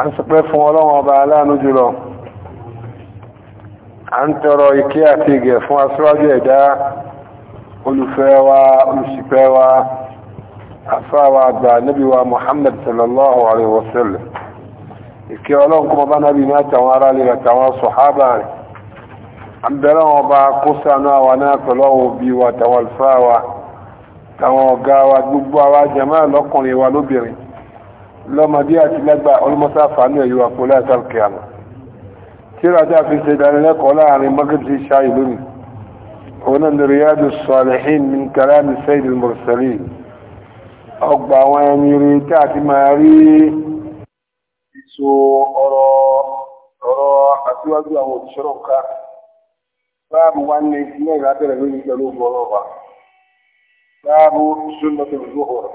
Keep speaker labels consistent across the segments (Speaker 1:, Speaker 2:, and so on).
Speaker 1: a ń sọpẹ́ fún ọlọ́wọ́n ọba aláàánú jùlọ a ń tọrọ ìkẹ́ àti ìgẹ̀ fún aṣíwájú ẹ̀dá olùfẹ́ wa olùṣìpẹ̀ wa afáwa àgbà níbi wa Muhammad sallallahu alaihi wasallam ìkẹ́ ọlọ́run kọmọ bá nábi ní àtàwọn ará lè àtàwọn sọ̀hábà rẹ̀ a ń bẹ̀rẹ̀ wọn bá kó sànú àwọn náà pẹ̀lú àwọn òbí wa àtàwọn alfáwa àtàwọn ọ̀gá wa gbogbo àwa jàmáà lọ́kùnrin wa lóbìnrin lọ́mọdé àti lẹ́gbà olùmọ́sá fàánù ẹ̀yọ́ àpò láìsàn kìámà tíra tí a fi ṣe ìdánilẹ́kọ̀ọ́ láàrin mọ́gàjì ṣáì lónìí òun náà ni riyadu salihin min kalami sayyid al-mursalin ọgbà àwọn ẹni rí tí a ti máa rí ìṣò ọ̀rọ̀ báàbù wá ní ilé ìrábẹ̀rẹ̀ lónìí pẹ̀lú ọgbọ̀rọ̀ wa báàbù sunnah al ọ̀rọ̀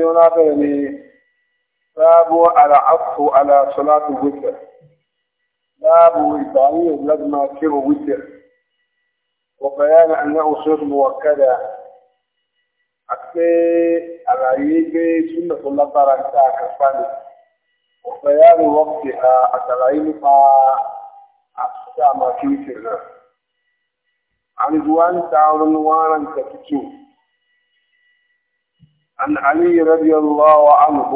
Speaker 1: bí wọ́n lábẹ̀rẹ̀ ni báàbù àlàáfò àlàsọ́láàtù wíṣẹ̀ báàbù ìtàrí ìlàdìmá kírò wíṣẹ̀ wọ̀bẹ̀yàn àná òṣèlú mọ̀kẹ́dà àti àlàyé gbé súnmọ̀ tó lágbára ní àkàfàní wọ̀bẹ̀yàn wọ́pẹ̀ àtàlàyé nípa àtúntà àmàkí wíṣẹ̀ náà. عن 1132 عن علي رضي الله عنه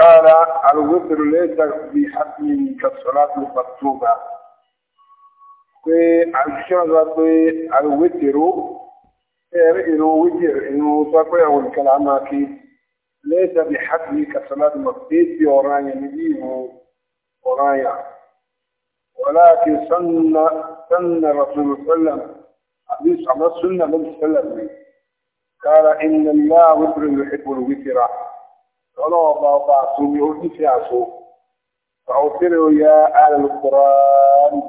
Speaker 1: قال الوتر ليس بحتم كالصلاة المكتوبة pé àṣìṣẹ́ الوتر pé انه وتر انه wíjìr inú sọ pé àwọn ìkàlà máa kí lẹ́ẹ̀sẹ̀ bí hàtìlì ولكن سن سن رسول الله صلى الله عليه وسلم حديث عن السنة النبي صلى الله عليه وسلم قال إن الله وفر يحب الوفر قال الله فأسوم يهدف يعصو فأوفروا يا أهل القرآن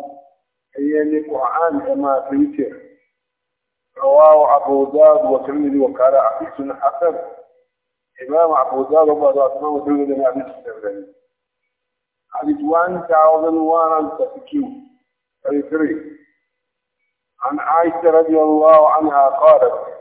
Speaker 1: هي القرآن كما تنكر رواه أبو داود وترمذي وقال أحسن حسن إمام أبو داود وأبو داود وترمذي لم يعرف السبب حديث وان تعوذ 1132 33 عن عائشة رضي الله عنها قالت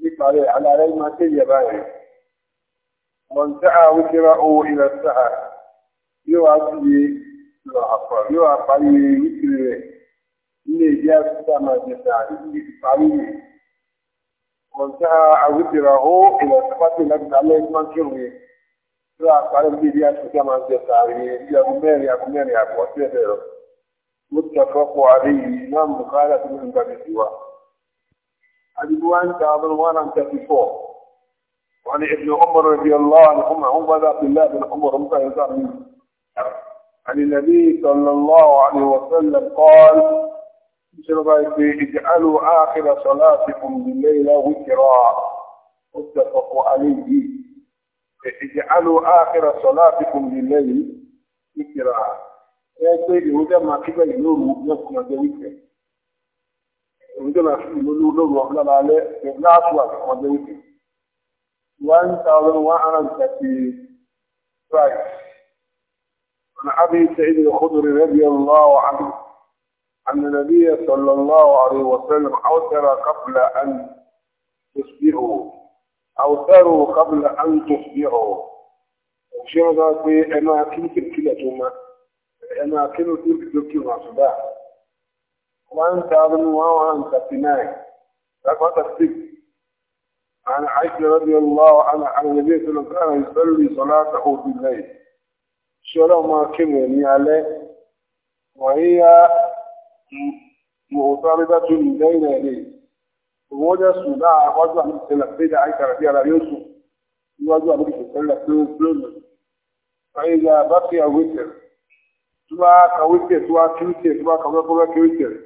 Speaker 1: nípa rẹ̀ alárẹ́ máa tẹ̀yẹ báyìí mọ̀ntáà wíkẹ́rà owó ilẹ̀ sáà yóò wá sí iye lọ àpọ̀ yóò wá parí wíkìrì rẹ̀ nílé ìdí àtúntà máa jẹ sáà níbi ìparí rẹ̀ mọ̀ntáà àwíkẹ́rà owó ilẹ̀ sáà tẹ̀lé àgbàlẹ́ ìpánkìrù rẹ̀ yóò wá parí níbi ìdí àtúntà máa jẹ sáà rẹ̀ bí agumẹ́rin agumẹ́rin àpọ̀ sí ẹ̀bẹ̀ حديث 1134 وعن ابن عمر رضي الله عنهما هم عبد الله بن عمر متى منه عن النبي صلى الله عليه وسلم قال اجعلوا آخر صلاتكم بالليل وكرا متفق عليه اجعلوا آخر صلاتكم بالليل وكرا يقول يهودا ما كبير نور يكون ذلك ìjọba عن أبي سعيد الخدري رضي الله عنه أن النبي صلى الله عليه وسلم أوتر قبل أن تصبحوا أوتروا قبل أن تصبحوا وشيء ذلك أماكن تلك الأمة أماكن تلك الأمة صباح 1139 رقم 6 عن عائشة رضي الله عنها عن النبي صلى الله عليه وسلم يصلي صلاته بالليل شلو ما كبرني عليه وهي مغتربة بين يديه وجه السوداء من السلفية عائشة رضي الله يوسف وجه أبو السلفية فإذا بقي وتر سواك كوتر سواك كوتر تبقى كوتر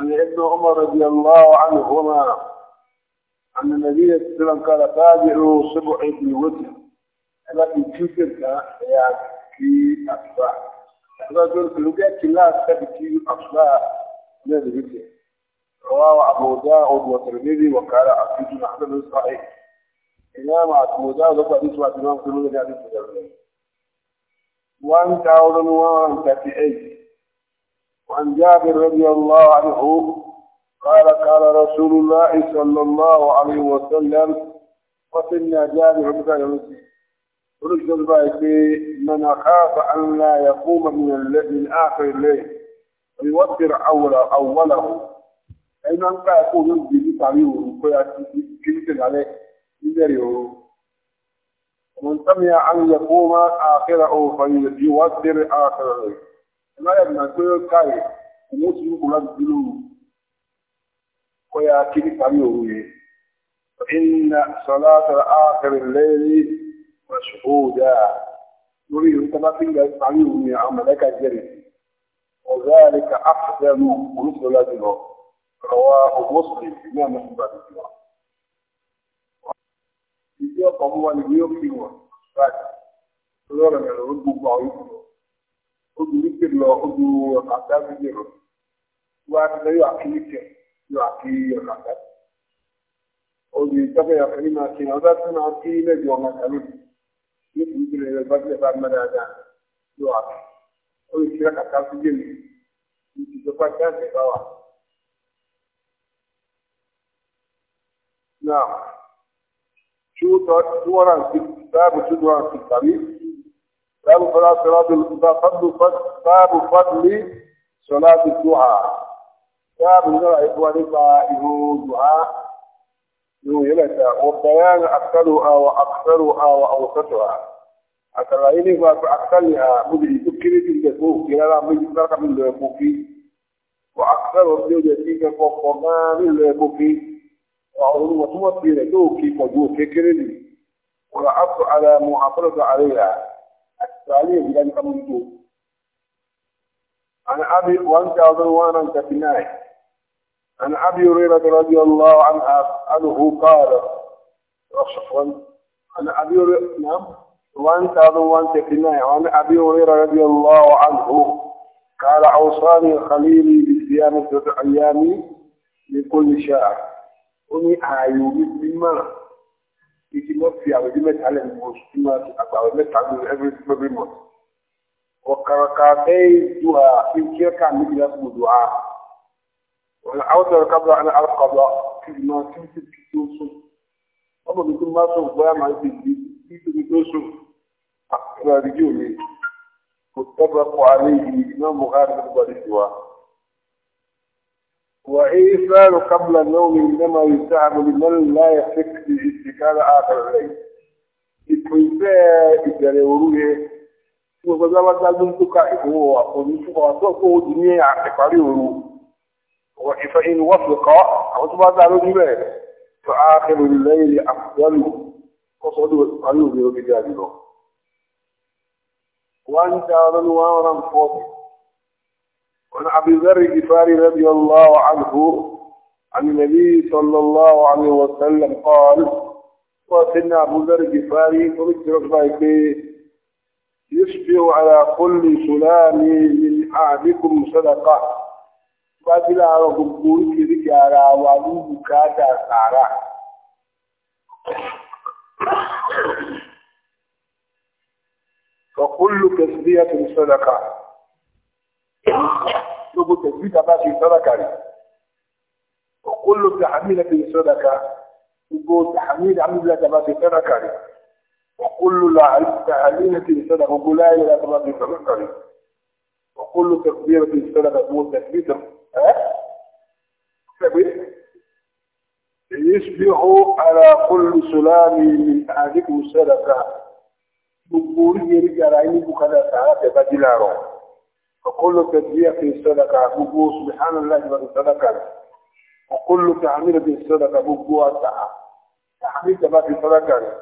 Speaker 1: عن ابن عمر رضي الله عنهما عن النبي صلى الله عليه وسلم قال تابعوا سبع ابن وتر لكن تلك يعني في أصبع رجل بلغات لا تبكي أصبع من الوتر رواه أبو داود والترمذي وقال عبد أحمد صحيح إمام أبو داود وقال إسماعيل إمام كلنا قاعدين في 1038 وعن جابر رضي الله عنه قال قال رسول الله صلى الله عليه وسلم وصلنا جابر بن رشد البايك من خاف أن لا يقوم من, الليل من آخر الليل ويوفر أول أوله أين أنت يقول يجب تعبيره ويجب عليه يجريه ومن سمع أن يقوم آخره فيوفر آخر الليل ìmáyà ìgbà pé ó káyè òun ó ti rúkọ láti dúró kọ́yà kiri parí òru yẹn إن صلاة آخر الليل مشهودة lórí ìrúkọba tí ń gba ìparí òun ni àwọn mẹ̀lẹ́kà jẹ́rìí ọ̀gá àríkà áfẹ́lú olùsọ̀lá jùlọ ọ̀wà ògbóṣùlì ní àmì ìgbà tuntun wa. ìdí ọkọ̀ mú wa ni yóò fi wọ̀ láti lọ́rọ̀ mẹ́rin gbogbo àwọn ìgbìmọ̀ ojú wíkẹ̀ lọ ojú ọ̀nà àdá wíkẹ̀ lọ wá nílẹ̀ yóò àti wíkẹ̀ yóò àti ọ̀nà àdá ojú ìjọba ìyàfẹ́ ní máa ṣe ọ̀dá tó máa kí lẹ́jọ ọmọ àtàlù ní kí wíkẹ̀ lọ bá tilẹ̀ bá mẹ́ dáadáa yóò àti ojú ìṣẹ́ kàkà wíkẹ̀ lọ ìjọba ìjáde bá wà. Now, 2.2 باب 2.6 باب صلاة صلاة الفضل باب فضل صلاة الضحى باب نرى إخواني إنه دعاء إنه يلتا وبيان أكثرها وأكثرها وأوسطها أترى إني ما أكثرها مدري تكري في الجسوف كلا مجي ترك من الكوفي وأكثر في الجسيك فوقما من الكوفي وأعلم وتوفي لجوكي فجوكي كريني والعصر على محافظة عليها تعليم لأن كمنتو عن أبي 1139 عن أبي هريرة رضي الله عنه أنه قال عن أبي نعم 1139 عن أبي هريرة رضي الله عنه قال أوصاني خليلي بصيام ثلاثة أيام لكل شهر أني أعيوني بمعنى ìdí mọ́ fi àwọn ìdí mẹ́ta lẹ́nu oṣù tí máa ti àgbà àwọn mẹ́ta lórí every every month. ọ̀kàràkà bẹ́ẹ̀ ju àfihàn kí ẹ̀ka méjì láti gbòdò a. ọ̀nà àwọn ọ̀rọ̀ kábọ̀ àná àkọ́bọ̀ kí ni wọ́n ti ń ti fi tó sùn. wọ́n mọ̀ nítorí máa sọ bóyá máa ti di bí fi tó sùn. àkùnrin àdìgí òní kò tọ́gbà kọ́ alẹ́ yìí iná mọ̀hárì ló gbọ́dọ̀ sí wa. وإيثار قبل النوم إنما يستعمل لمن لا يفك ìṣára àbẹ̀rẹ̀ ipò ìfẹ́ ìbẹ̀rẹ̀ òru yẹ tí gbogbo ẹgbẹ́ bá ń tóka ìfowó àfojúsùn ọ̀tọ́ kó o di ní àtẹ̀parí òru wọ ìfẹ́ inú wọ́n fi kọ́ àwọn tó bá dá lójú rẹ̀ tó á kẹ́lu lẹ́yìn àfùdálù kọ́sọ́ ló parí òru yóò gidi àjùlọ. one thousand one hundred and forty عن أبي ذر الغفاري رضي الله عنه عن النبي صلى الله عليه وسلم قال وسيدنا أبو ذر الجفاري فرد ربك يشبه على كل سلام من أحدكم صدقة فاتل على قبول كذلك على وعلو بكاتا سارة فكل تسبية صدقة لو تسبية باشي صدقة وكل تحميلة صدقة gbogbo tàhàmìd àmìlá tàbá ti fẹ́ràn kàrí ọkùnlù tàhàmìlá ti sọ́dà gbogbo láyé rẹ̀ tàbá ti fẹ́ràn kàrí ọkùnlù tàbíyà ti sọ́dà gbogbo tàbíyà ẹ́ tàbí يصبح على كل سلام من أهلكم صدقة gbogbo oríyẹrí gara inú bukada sàárà tẹ̀bá jí láàrọ̀ ọkọlù tẹ̀bíyà fi sọ́dọ̀kà eh? gbogbo subhanallah ìwà ìsọ́dọ̀kà ọkọlù tẹ̀hàmìlì fi sọ́dọ̀kà gbogbo àtàà تحميد ما في صدقة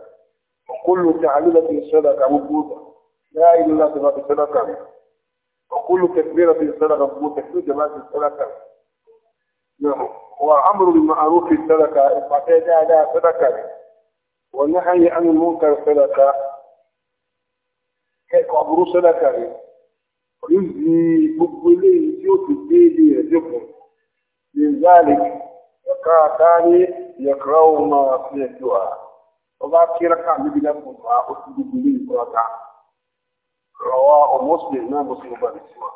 Speaker 1: وكل تعليلة صدقة مضبوطة لا إله إلا الله في صدقة وكل تكبيرة صدقة مضبوطة كل جماعة صدقة نعم وأمر بالمعروف صدقة إفعال لا لا صدقة والنهي عن المنكر صدقة كيف أبرو صدقة ويجزي مقبلين يوتي بيدي يجبهم من ذلك ركعتان يقرأ ما في الدعاء وبعد كده ركع النبي لم يقرأ أسجد بليل ركع رواه مسلم ما مسلم بن سوى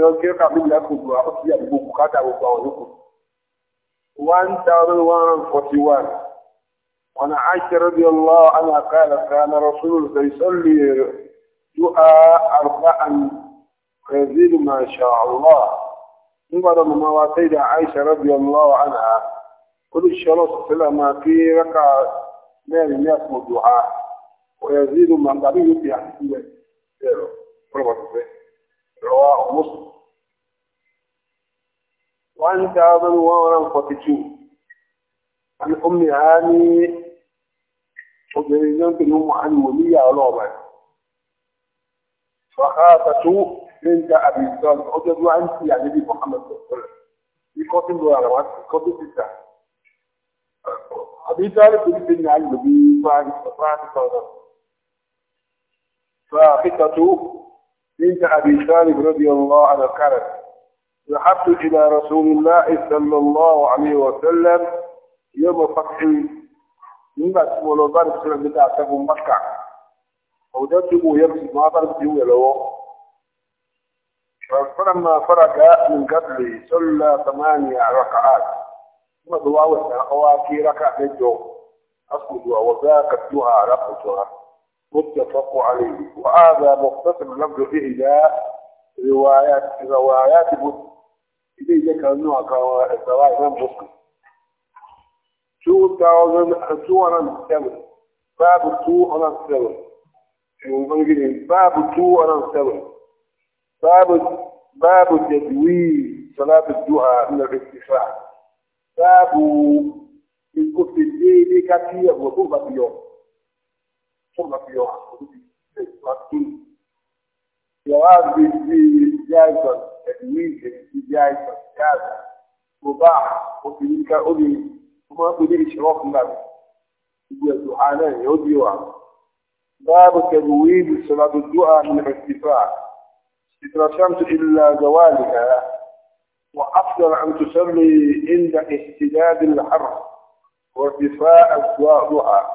Speaker 1: lọ kí ọkà mi lẹ́kùn bù àwọn tí àdúgbò bùkátà gbogbo àwọn yòókù. one thousand one hundred forty one wọn àṣẹrẹ bí ọlọ àwọn àkàlẹ kan rọṣúlù ìsọlì yóò àrùbá àmì brazil masha allah nígbàdàn mọ̀mọ́ wa Sayyida Aisha radiyallahu anha olùṣọ́lọ́ sọ̀tẹ́lẹ̀ máa kí rẹ́kà mẹ́rin ní àpò dùhà ọ̀yà zílù màgbàdì yóò fi àti ìwẹ̀ ẹ̀rọ pọ̀lọpọ̀ tó fẹ́ rọwà ọ̀mọ́sùn. one thousand one hundred and forty two àni omi ha بنت أبي طالب أجد أنت يا نبي محمد صلى الله عليه وسلم في قتل وغلوات في قتل ستة أبي طالب بن بن علي بن فاعل فاعل صلى فخطته بنت أبي طالب رضي الله عنها كانت ذهبت إلى رسول الله صلى الله عليه وسلم يوم فتح nígbà tí mo lọ bá rẹ̀ sọ́rọ̀ nígbà àtẹ́gùn mọ́kà ọ̀dọ́ tí mo فلما فرق من قبل صلى ثمانية ركعات ثم ضواوت أخواتي ركع نجو أصلها وذاك الدعاء رقصها متفق عليه وهذا مختصر لفظ إلى روايات روايات مسلم إذا ذكر النوع كرواية إمام مسلم 2207 باب 207 باب 207 باب باب تجويد صلاة الدعاء من الارتفاع باب الكفر الليل كثير وطلبة يوم طلبة يوم جواب جائزة تجويد جائزة جائزة مباح وتلك أولي وما أولي إشراف الله يقول الدعاء يودي باب تجويد صلاة الدعاء من الارتفاع إذا رسمت إلا زوالها وأفضل أن تصلي عند احتداد الحر وارتفاع الضحى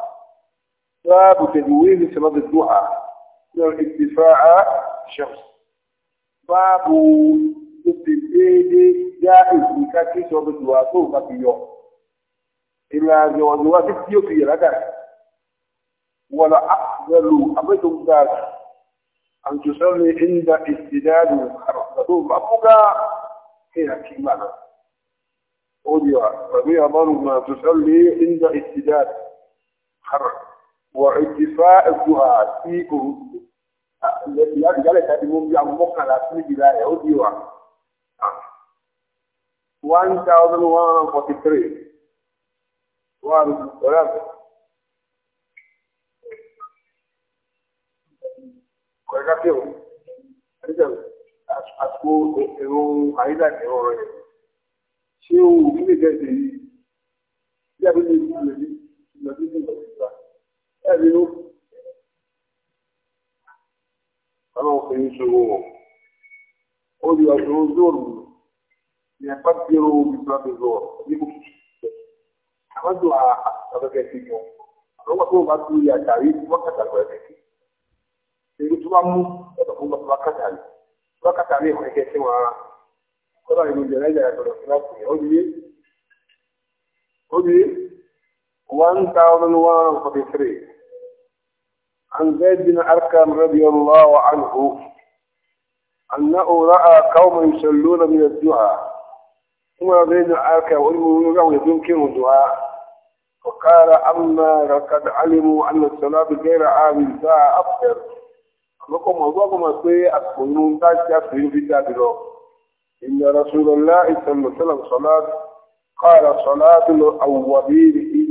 Speaker 1: باب تدوين صلاة الضحى من ارتفاع الشمس باب تبتدي جائز بكاتي صلاة الضحى سوف تيوم إلا زوالها تيوم في ركعة ولا أفضل أبدا ذلك أن تصلي عند استداد الرسول مبقى هنا كيما أوديوا فبي أظن ما تصلي عند استداد حر وارتفاع الدعاء في يالك هذه مبيع مبقى لا تنجي لا أوديوا 1143 وارد الثلاثة kọ̀ọ̀ká kí o àsìkò èrò àyíká ní ọ̀rọ̀ yẹn ṣé o kí lè gẹ̀ẹ́sì yìí bí abẹ́lé ìlú rẹ̀ ní ìlọ́dún ní ìlọ́dún ìgbà ẹ̀ nínú ọlọ́run fi ń ṣòro wọn ó di ọ̀sán zóòlù ní ẹ̀pá tí ó ń gbà tó zọ ní kò àwọn tó àkàkẹ́ sí yọ àwọn tó bá tó yà tàbí wọ́n kàtàkọ̀ ẹ̀ èyí tó bá mú ọ̀dọ̀ fún bàbá kàtà rẹ̀ bàbá kàtà rẹ̀ ìwọ̀n ẹ̀kẹ́ sí wọn ara kọ́dà ìlú ìjẹ̀rẹ̀ ìjẹ̀rẹ̀ ìjọ̀rọ̀ fún láti ó di ó di one thousand one hundred forty three عن زيد بن أركم رضي الله عنه أنه رأى قوما يصلون من الدعاء ثم زيد بن أركم والمؤمنون يمكنهم الدعاء وقال أما لقد علموا أن الصلاة غير عام الساعة àkọ́kọ́ mọ̀ ọgbọ́n mọ̀ pé àkùnú bá jẹ́ àfihàn bí dàbí lọ ìyá rasulọ́lá ìtẹ̀lẹ̀tẹ̀lẹ̀ sọ́lá قال صلاة الأولين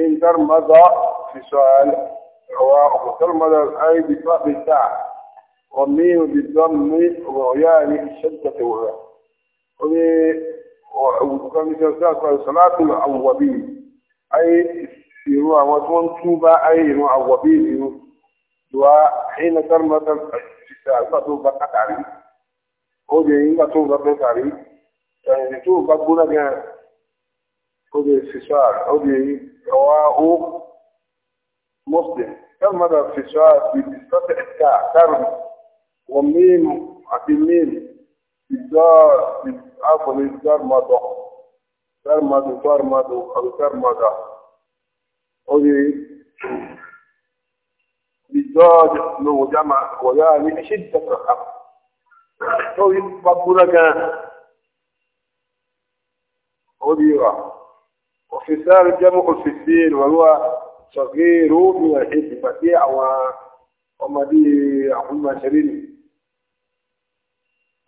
Speaker 1: إن ترمض في سؤال رواه ترمض الآية بفعل الساعة ومين بالضم وغيان الشدة وغيان وكان يقول صلاة الأولين أي يروى وتوان توبة أي يروى أولين وحين ترمت الفتو بقطعي ودي فتو بقطعي يعني تو بقونا كان ودي سسار ودي رواه مسلم ترمت الفسار بمستطع التاء ترم والميم الميم بالدار عفوا بالدار مضى ترمد كرم او ترمد ودي زاد له جمع ويعني شدة الحق لو يقبل كان أديرا وفصال الجمع في السين وهو صغير من الحج فتيع ومديع هم شرين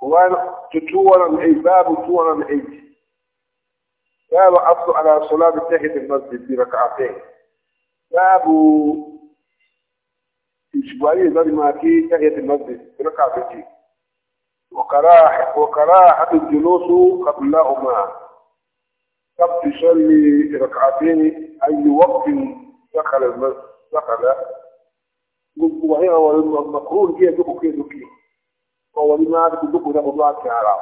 Speaker 1: وان تتوانا الحج باب تتوانا الحج باب أصل على صلاة تحت المسجد بركعتين باب ìṣùgbọ́n ayé ìlọ́ni máa kí ẹ̀yẹ ti lọ́dẹ ìrọ́kà méjì ọ̀kàrà àtòjòlóṣù kàbùlá ọmọ sábtì sọ́ọ̀lì ìrọ̀kà àbẹ́ni ayé wọ́pì lákàlá gbogbo ayé àwọn ọmọ kúrò ní ẹjọ́ kókó lókè ọwọ́ ní máa ti dókòó náà gbogbo àti ara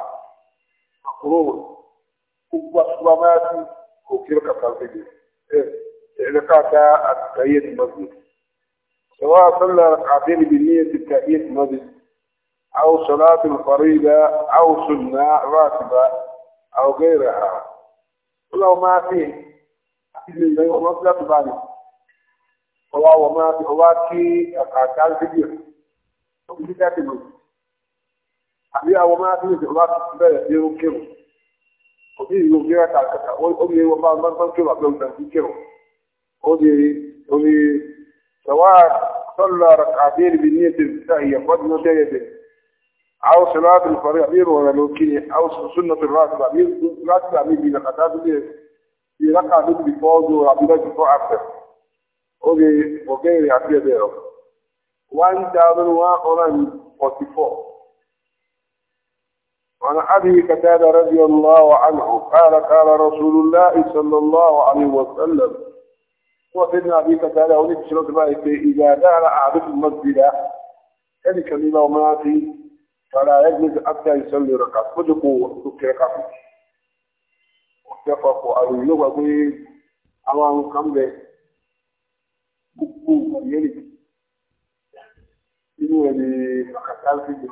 Speaker 1: àkúrò gbogbo àtúbà máa ti òkè ìrọ̀kà àbẹ́ni ìrọ̀kà àtàyè ti lọ́dẹ سواء صلى ركعتين بنية التأييد مجد أو صلاة الفريضة أو سنة راتبة أو غيرها ولو ما فيه إلا يخلص لا تبالي الله وما في هو كي أقاتل كبير وفي ذات المجد أبي أو ما فيه هو كبير يمكنه وفي يمكنه تعالى وفي وفي مرضى كبير يمكنه وفي وفي سواء صلى ركعتين بنية التحية فضل دايته أو صلاة الفريضة ولا لوكين أو سنة الراتب أمير راتب أمير بلقتات في ركعة بفوز وعبيدات فوعبت وغير عبيدة ديره 1144 وعن أبي قتادة رضي الله عنه قال قال رسول الله صلى الله عليه وسلم هو سيدنا أبي قتادة هوني بشرط ما إذا دخل أحدكم المسجد هذه كلمة وما في فلا يجلس حتى يصلي ركعة فجقوا وقتك ركعة واتفقوا على اللغة àwọn kan bẹ gbogbo ìyẹ́lì inú ẹ̀ ni àkàtà ń fìdí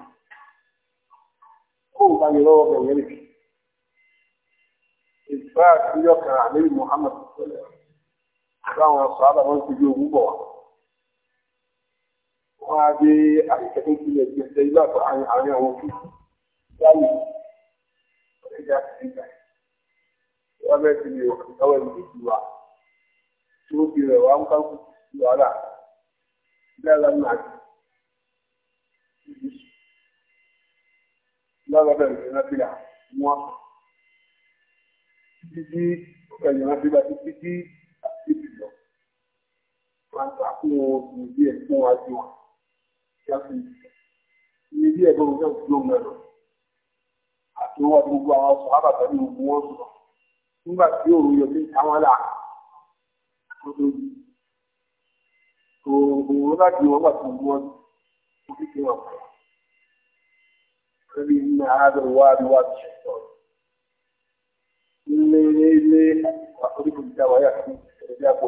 Speaker 1: kó bá yẹ lọ́wọ́ bẹ̀ ìyẹ́lì ìfẹ́ àti yọkà àlẹ́bí Muhammad láwọn ọ̀sán àbá wọn ti di ogun bọ̀ wọ́n á gbé àyíkẹ́ tó ti lè gbèsè ilé àpò àárín àwọn òkú láyé ọ̀rẹ́jà ti ń gbà wọ́n bẹ́ẹ̀ ti lè ọ̀rẹ́ ìlú ìlú wa tí ó fi rẹ̀ wá ń ká kú sí wàhálà lára náà lára bẹ̀rẹ̀ ìrìnà wọn títí tí ẹ̀yìn rántí bá títí wọ́n gbà fún wọn ìrírí ẹ̀ fún wa sí wọn yàtọ̀ ìrírí ẹ̀ bọ́ọ̀ fẹ́ fún ọmọ ẹ̀rọ àti wọn gbogbo àwọn sọ ábàtà ní gbogbo wọn sọ nígbà tí òru yọ sí àwọn là òòrùn láti wọn gbà tó gbọ́ orí kí wọn pọ̀ lórí ní àádọ́rù wá rí wá àpò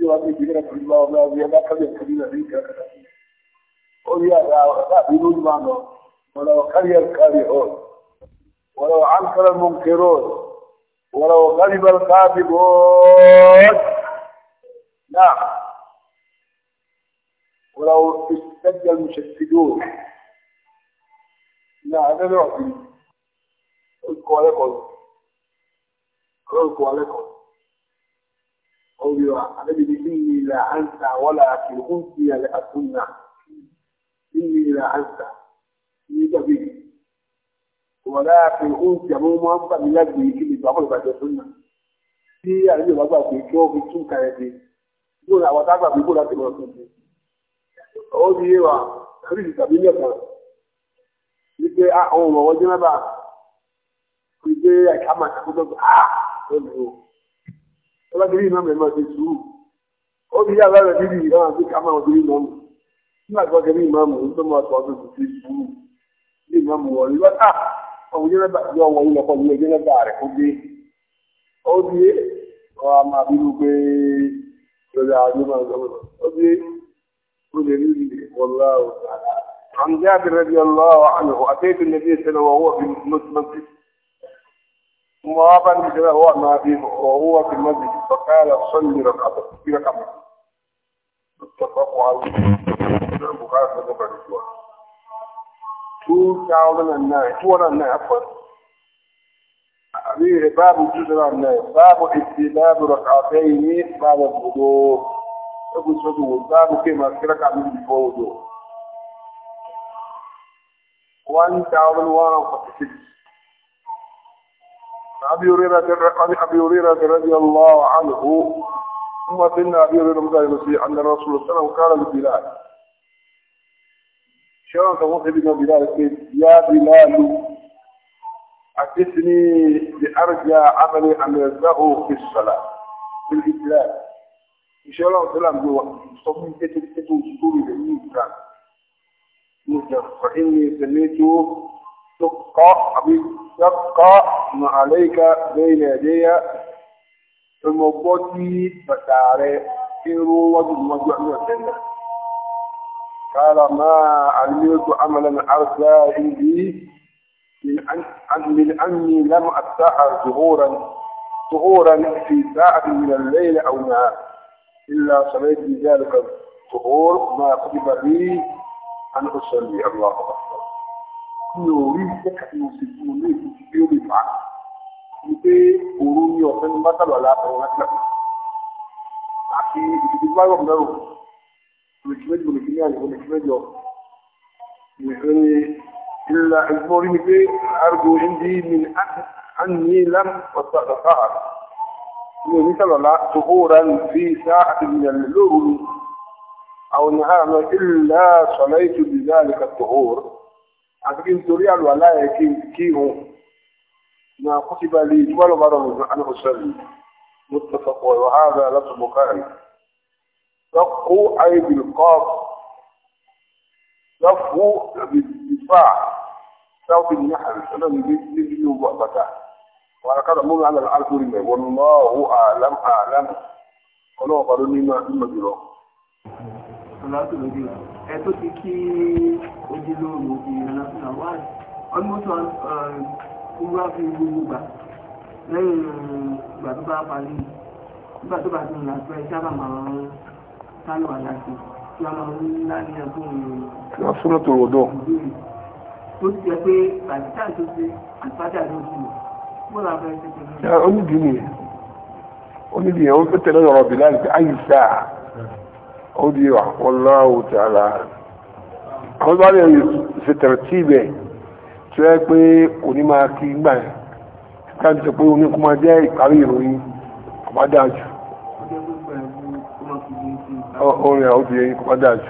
Speaker 1: síwájú ìdílé rẹ̀ pẹ̀lú ọmọ ọmọ ẹgbẹ́ kábíyà pẹ̀lú rẹ̀ ní kẹrẹkẹrẹ. ó yà rà láàbí ló máa lọ wọ́lọ́ kárí ẹ̀kárí ọ̀ wọ́lọ́ àǹkárá mọ̀ kẹrọ wọ́lọ́ kárí bá káàbí bọ́ náà wọ́lọ́ ìṣẹ́jẹ́ mùsẹ̀tìdó náà ẹgbẹ́ ọ̀gbìn ó kọ́ alẹ́kọ̀ọ́ أولي النبي إني لا أنسى ولكن أنسي لأسنى إني لا أنسى يجبي ولكن أنسي مو ما أنسى من لدي إني بقول بعد السنة في أني بقول في شو في شو كذي يقول أو تعرف بيقول أنت ما كنت أولي وا خريج تبين لك يجي أعوم وجنبه يجي أكمل أقول آه ọba tí rí iná mẹ́rin máa ṣe sùúrù ó fi yára rẹ̀ níbi ìdáhùn àti ká máa fi rí iná mú nígbà tí wọ́n kẹ́ ní ìmáàmù ń tó máa sọ ọdún tó ti sùúrù ní ìmáàmù wọ̀ ní wọ́n tà ah! ọ̀hún jẹ́nẹ́bà yọ wọ̀ ní lọ́kọ̀ ní jẹ́nẹ́bà rẹ̀ kó gbé ó di ọ̀ máa bí lu pé lórí àjọ máa sọ ó di ó lè rí wọlá ọ̀ عن جابر رضي الله عنه أتيت النبي صلى الله عليه وسلم وابن كذا هو ما وهو في المسجد فقال صل ركعتين ركعتين متفق عليه البخاري ومسلم رحمه 2009 2009 عفوا أبيه باب جزر باب استباب ركعتين بعد الوضوء أبو سدو باب كما ركع من الوضوء 1046 أبي هريرة أبي رضي الله عنه ثم سيدنا أبي هريرة مدعي أن الرسول صلى الله عليه وسلم قال لبلال شلون تقول ابن بلال يا بلال أتسني بأرجى عملي أن يزدهو في الصلاة في الإسلام إن شاء الله سلام جوا صمم تتو تتو سوري لأني فإني سميته تقى أبي تقى ما عليك بين يدي ثم بطي فتعالى إرو وجد وجد وسلم قال ما علمت عملا أرسى عندي من أني لم أتسحر ظهورا ظهورا في ساعة من الليل أو نهار إلا صليت بذلك الظهور ما كتب لي أن أصلي الله أكبر mi jẹ́ kàtìmọ̀ sí fún un ní ìlú tí ó lè fà á ni pé òru ní ọ̀fẹ́ ní bátàlù aláàbọ̀ wọn ti àti ìdìbò báyọ̀ mẹ́rù olùsí méjì àyẹ̀wò olùsí méjì ọ̀ ìfẹ́rẹ́ ìlà rí ni pé argo indi min anni lam ọ̀sà ọ̀sà ní onísàlọ̀lá tó ó ra ní fi sáà àti ìyàlẹ̀ lóru ni àwọn ìhàmọ́ ìlà sọ̀lá ètò ìdílé àlẹ́kà tó ó rọ̀ àti kí n torí àlọ́ aláyẹ̀ kí n kí òun na kutiba li jumalo baro mo an usalli muttafaq wa hadha lafz bukhari taqu ay bil qaf tafu bil difa saw bil nahl sanam bil yu bata wa laqad mun ala al ardi wallahu a'lam a'lam qulu qaruni ma imma jiro sọ̀látò lójú ẹ tó ti kí ojúlóòrùn ti ìrànlọ́sọ̀lá wà almost wúwá um, fi gbogbo gbà lẹ́yìn ìgbà tó bá parí nígbà tó bá ti rìn àpẹ sábà máa ń sálọ àyàfi tí a máa ń láni ẹkún ìrìn. wọ́n súnmọ́ tó rọ̀dọ̀. tó ti jẹ́ pé bàtítà tó ṣe àtàjà ló ti wọ́n la fẹ́ ṣe pẹ̀lú. onídìí ni onídìí yẹn ó tẹ̀lé ọ̀rọ̀ bìlá ní ayé sáà. ó di wà wallahu ta'ala àwọn bá lè ṣe tẹ̀rẹ̀tìbẹ̀ tí ó pé kò ní máa kí gbà ẹ̀ káàdì sọ pé oníkùn máa jẹ́ ìparí ìròyìn ọ̀bádájú orin àwọn ti yẹn ọ̀bádájú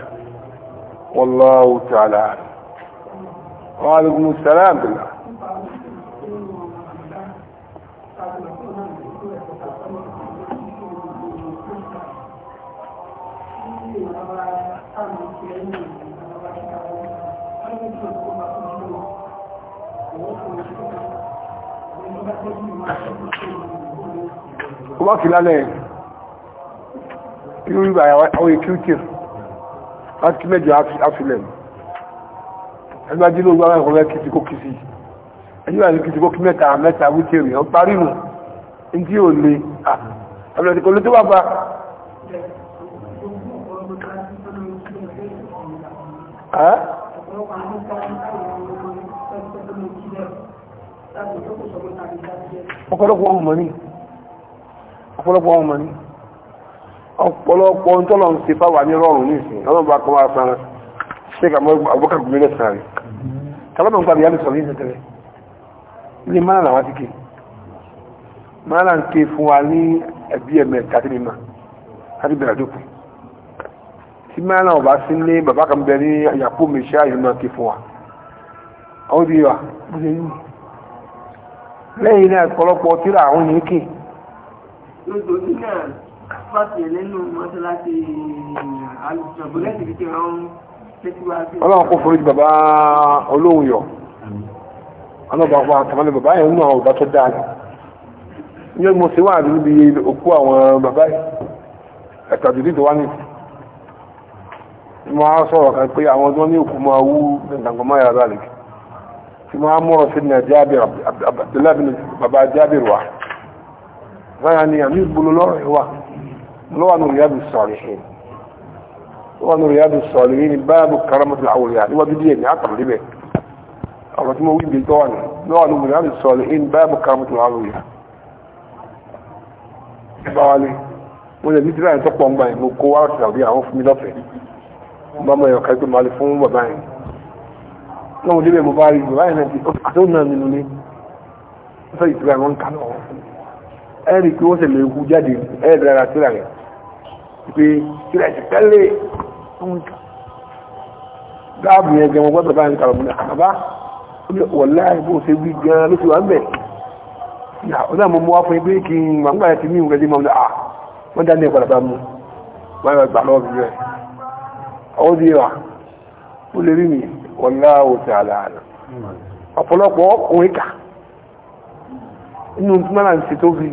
Speaker 1: wallahu ta'ala wa alaikum mọ́kì lálẹ́ irú ìgbà àwọn èkú tìr láti kí mẹ́jọ áfilẹ̀ ẹgbẹ́ ajílò gbára ẹ̀kọ́ rẹ̀ kìtì kó kìsì ẹjọ́ àti kìtì kó kí mẹ́ta mẹ́ta wítìrì ọ parí nù ní tí ò le àbẹ̀rẹ̀ kò lè tó wà bá ọ̀pọ̀lọpọ̀ ọmọ mi ọ̀pọ̀lọpọ̀ ọmọ ní ọ̀pọ̀lọpọ̀ ń tọ́lọ̀ ń ṣe fáwà ní rọrùn ní ìsìn ọlọ́run bá kọ́ wá sára ṣe kà mọ́ àbúkà gómìnà sáré tàbí nǹkan ìyá mi sọ̀rọ̀ yìí tẹ́lẹ̀ ilé mara làwọn ti ké mara ń ké fún wa ní ẹbí ẹ̀mẹ̀ tàbí mímọ́ láti bẹ̀rẹ̀ dókù tí mara náà bá sí ní bàbá kan bẹ ní àyàpó mi ṣe àyè máa ké fún wa àwọn lẹ́yìn náà ọ̀pọ̀lọpọ̀ tíra àwọn yìí kéè lójó nílẹ̀ pàṣẹ lẹ́nu mọ́ṣáláṣí alùsọ̀gbọ́lẹ́sì fi kẹrọ ń tẹ́síwájú. ọlọ́run kò forí bàbá olóhùn yọ ọlọ́bàá àtàmọ́lẹ̀ bàbá yẹn nínú àwọn ọ̀bá tó dáa ní ọmọ sí wà níbi òkú àwọn bàbá ẹ̀tàdìdì tó wá ní mo á sọ̀rọ̀ kan pé àwọn tó ní òkú máa wú ìdàgbọ́mọ́ yàrá rẹ̀ tí mo á mọ̀rọ̀ sí ní Jábìr Abdullahi bàbá Jábìr wà rárá ni àmì ìgbòlò lọ́rọ̀ ìwà lọ́wọ́ nù ríádù sọ̀rìhìn lọ́wọ́ nù ríádù sọ̀rìhìn ni báàbù karamatul awliya níwájú díẹ̀ ní àtàrí níbẹ̀ ọ̀rọ̀ tí mo wí bíi tọ́wà ní lọ́wọ́ nù ríádù sọ̀rìhìn báàbù karamatul awliya ẹgbà wálé mo lè ní tíra ìtọ́pọ̀ ń gbà yìí mo kó wá ọ̀tí àbí àwọn fún mi lọ́fẹ̀ẹ́ ẹ̀rì kí wọ́n sì lè hu jáde ẹ̀rì rárá síra rẹ̀ pé síra ẹ̀sì tẹ́lẹ̀ gáàbù yẹn gẹ̀mọ́ gbọ́dọ̀ bá ń kàrọ̀ mọ́ àbá wọ̀lá ìbò ṣe wí gan ló ti wà ń bẹ̀ ọ̀nà mo mú wá fún ẹgbẹ́ kí n wà ń gbà ti ní ìwé lẹ́mọ̀ ní à wọ́n dá ní ẹ̀kọ́ làbá mú wọ́n yọ gbà lọ́wọ́ rẹ̀ ọwọ́ di wa ó lè rí mi wọ̀lá òtà ọ̀pọ̀lọpọ̀ ọkùnrin inú tí mọ́là ń ṣe tó fi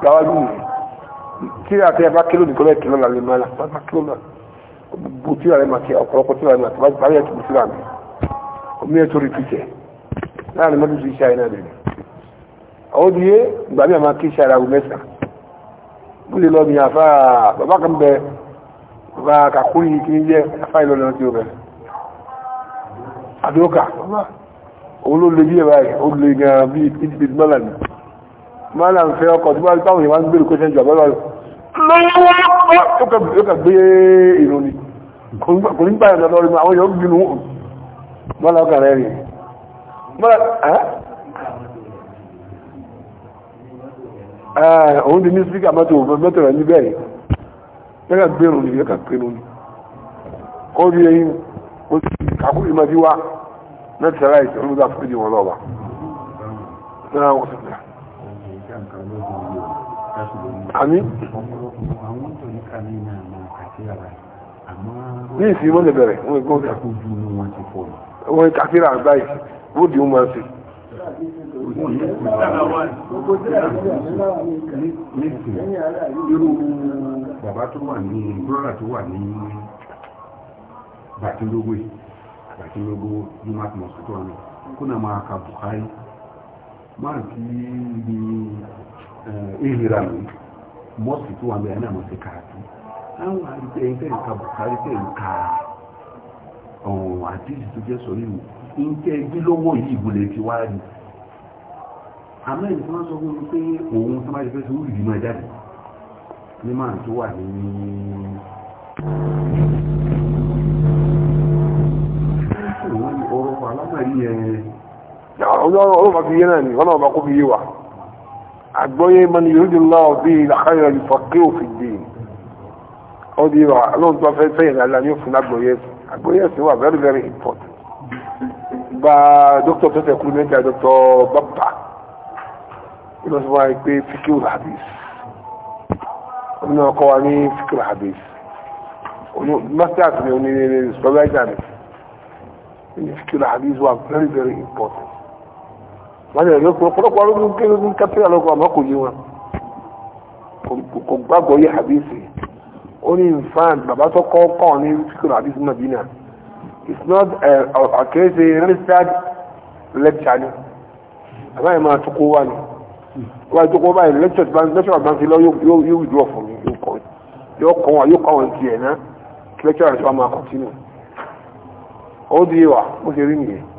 Speaker 1: gbà wá lù yẹn tí àti ẹ̀bá kílò nìkan bẹ́ẹ̀ kílò lálẹ́ mọ́là bá kílò náà gbogbo tí wàá rẹ̀ máa kí ọ̀pọ̀lọpọ̀ tí wàá rẹ̀ máa tọ́jú parí ẹ̀tùbù sílà mi omi ẹ̀ tó rí pìtẹ́ láàrin mọ́tò sí iṣẹ́ àìná rẹ̀ àwọn òdi yé ìgbà mi àmà kí iṣẹ́ ara wù mẹ́sà bó lè lọ mi àfa bàbá kan bẹ bàbá kakúrì kí n jẹ afá ìlọrin ọtí ọbẹ àdókà òun ló lè bí ẹ báyìí ó lè gan bí ìdìbò mọ́là ni máa là ń fẹ́ ọkọ̀ tí wọ́n táwọn èèyàn ń gbèrú kó ṣe ń jù àbẹ́rẹ́ lọ́wọ́ ó kà gbé ìrò ni kò ní gbà yàn lọ́rọ̀ àwọn èèyàn gbinú wọn là ọkà rẹ̀ rìn òun ti ní síkà mọ́tò mọ́tò rẹ̀ níbẹ̀ yìí yóò kà gbèrú ni yóò kà pinnu ni kó rí eyín ó ti kàkúrì máa ti wá mẹ́tẹ̀ẹ́ráìtì olùdásíkè wọn lọ́wọ́ náà wọ́n ní
Speaker 2: ìsìn wọ́n lè bẹ̀rẹ̀ wọ́n gbọ́n ká
Speaker 1: wọ́n kàfíra àgbáyé wọ́n di wọ́n sí irú bàbá tó wà ní brọ́dà tó wà ní bàtílógó bàtílógó jùmọ́ àti mọ̀sítọ́ ọ̀nà kó náà máa ka Buhari máa ti ibi eh, ìhìrà mi mọ́ọ̀sì tó wà mẹ́rin náà mọ̀ sí káàkiri àwọn àríkẹ́ ẹ̀yìn tẹ́ ìka bùkárí tẹ́ ìka ọ̀hún àti ìsìtò jẹ́ sọ nínú ìǹkẹ́ ẹgbẹ́ lọ́wọ́ yìí ìbúlẹ̀ ti wá rí àmọ́ ìdí wọ́n sọ fún mi pé òun tó máa jẹ́ fẹ́ sọ wúrì máa jáde ní máa tó wà ní ọ̀rọ̀ alámàrí yẹn ọlọ́mọ fi yé náà ni wọ́n náà bá kó fi yé wa àgbọ́yé mọ́ni yuridillahu bihi al-khayra yufaqqihhu fid-din ó di wa ọlọ́run tó fẹ́ fẹ́yìn lálẹ́ ní òfin àgbọ́yé àgbọ́yé ẹ̀sìn wa very very important gba dókítà tó tẹ̀kú mẹ́ta dókítà bàbà ìlọsí wa pé fíkìl hadith ọ̀nà ọkọ̀ wa ní fíkìl hadith masters ni onírin sọ́wọ́ ẹ̀dá ni fíkìl hadith wa very very important wọ́n lè lóko ọ̀pọ̀lọpọ̀ ọdún kéré ní kápẹ́rẹ́ lọ́kọ̀ àmọ́ kò yé wọn kò gbàgbọ́ yé àbíyèsí ó ní nfàn bàbá tó kọ́ kọ́ ní kíkọ́ àbíyèsí náà náà it's not àkéésì eh, registered lecture ni àbá yẹn máa tókó wá ni wọ́n á tókó báyìí lecture lecture bá ń fi lọ yóò withdraw fún mi yóò kọ́ yóò kọ́ wọn yóò kọ́ wọn tiẹ̀ náà lecture rẹ̀ tó wà máa continue ó di wa ó ṣe rí nìyẹn.